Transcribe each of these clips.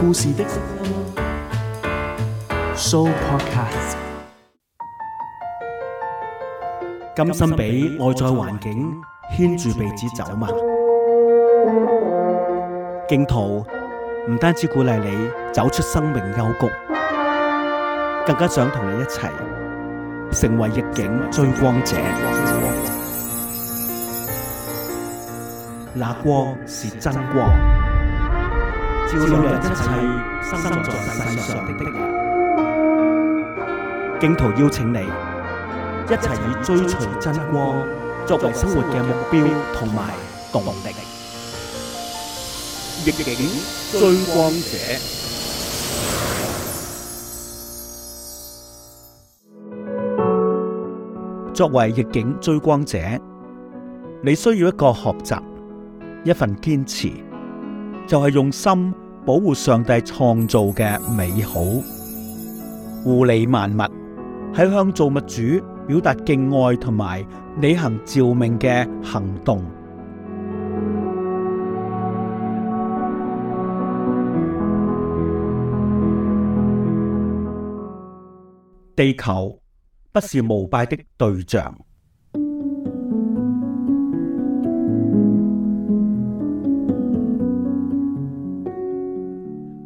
故事的 So Podcast，甘心俾外在環境牽住鼻子走嗎？荊徒唔單止鼓勵你走出生命幽谷，更加想同你一齊成為逆境追光者。那光是真光。照亮一切生在世上的的人，荊徒邀請你一齊以追隨真光作為生活嘅目標同埋動力。逆境追光者，作為逆境追光者，你需要一個學習，一份堅持。就係用心保護上帝創造嘅美好，護理萬物，喺向造物主表達敬愛同埋履行召命嘅行動。地球不是膜拜的對象。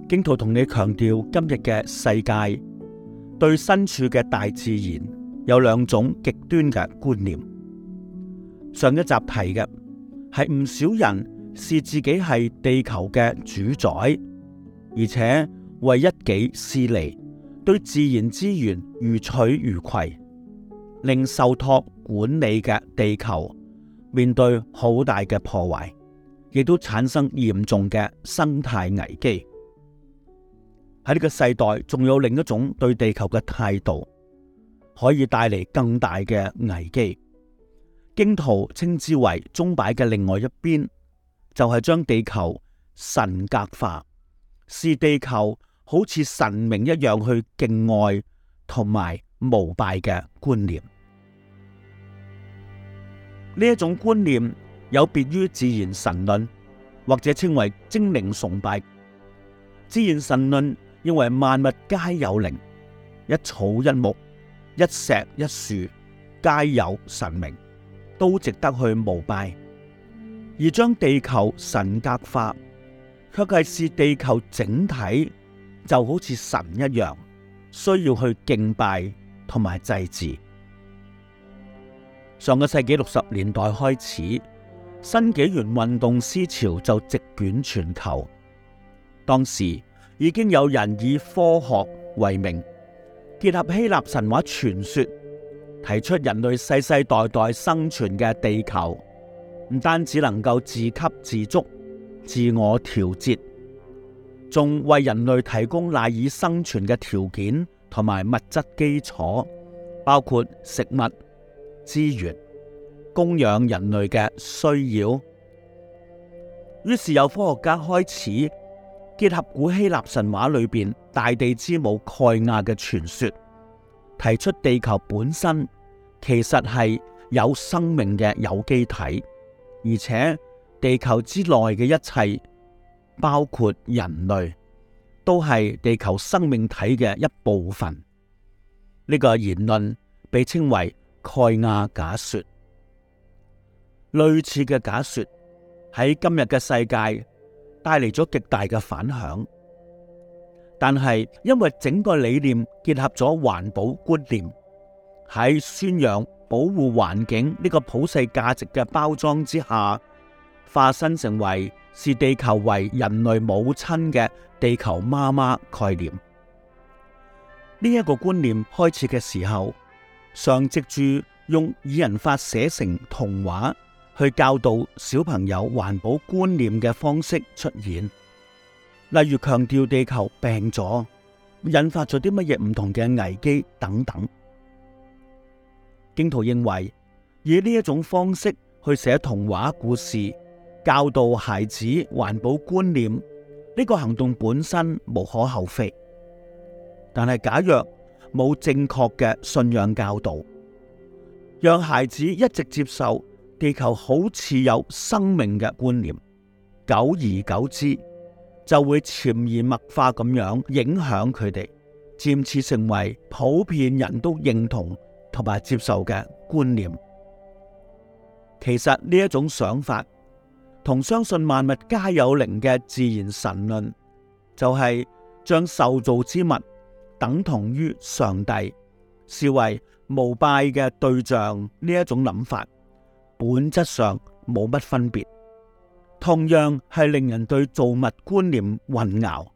荊徒同你強調，今日嘅世界對身處嘅大自然有兩種極端嘅觀念。上一集提嘅係唔少人視自己係地球嘅主宰，而且為一己私利，對自然資源如取如潰，令受託管理嘅地球面對好大嘅破壞，亦都產生嚴重嘅生態危機。喺呢個世代，仲有另一種對地球嘅態度，可以帶嚟更大嘅危機。荊徒稱之為鐘擺嘅另外一邊，就係、是、將地球神格化，視地球好似神明一樣去敬愛同埋膜拜嘅觀念。呢一種觀念有別於自然神論，或者稱為精靈崇拜、自然神論。因為萬物皆有靈，一草一木、一石一樹皆有神明，都值得去膜拜。而將地球神格化，卻係視地球整體就好似神一樣，需要去敬拜同埋祭祀。上個世紀六十年代開始，新紀元運動思潮就席捲全球，當時。已經有人以科學為名，結合希臘神話傳說，提出人類世世代代生存嘅地球唔單止能夠自給自足、自我調節，仲為人類提供賴以生存嘅條件同埋物質基礎，包括食物、資源，供養人類嘅需要。於是有科學家開始。結合古希臘神話裏邊大地之母蓋亞嘅傳說，提出地球本身其實係有生命嘅有機體，而且地球之內嘅一切，包括人類，都係地球生命體嘅一部分。呢個言論被稱為蓋亞假說。類似嘅假說喺今日嘅世界。帶嚟咗極大嘅反響，但係因為整個理念結合咗環保觀念，喺宣揚保護環境呢個普世價值嘅包裝之下，化身成為視地球為人類母親嘅地球媽媽概念。呢、這、一個觀念開始嘅時候，常藉住用擬人法寫成童話。去教導小朋友環保觀念嘅方式出現，例如強調地球病咗，引發咗啲乜嘢唔同嘅危機等等。荊徒認為，以呢一種方式去寫童話故事，教導孩子環保觀念，呢個行動本身無可厚非。但係假若冇正確嘅信仰教導，讓孩子一直接受。地球好似有生命嘅觀念，久而久之就會潛移默化咁樣影響佢哋，漸次成為普遍人都認同同埋接受嘅觀念。其實呢一種想法，同相信萬物皆有靈嘅自然神論，就係將受造之物等同於上帝，視為膜拜嘅對象呢一種諗法。本質上冇乜分別，同樣係令人對造物觀念混淆，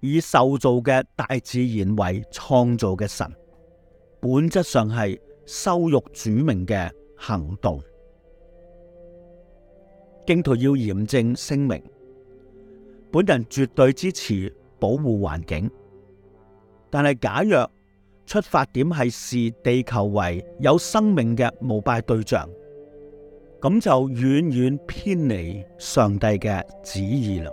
以受造嘅大自然為創造嘅神，本質上係羞辱主名嘅行動。荊徒要嚴正聲明，本人絕對支持保護環境，但係假若出發點係視地球為有生命嘅膜拜對象，咁就遠遠偏離上帝嘅旨意啦。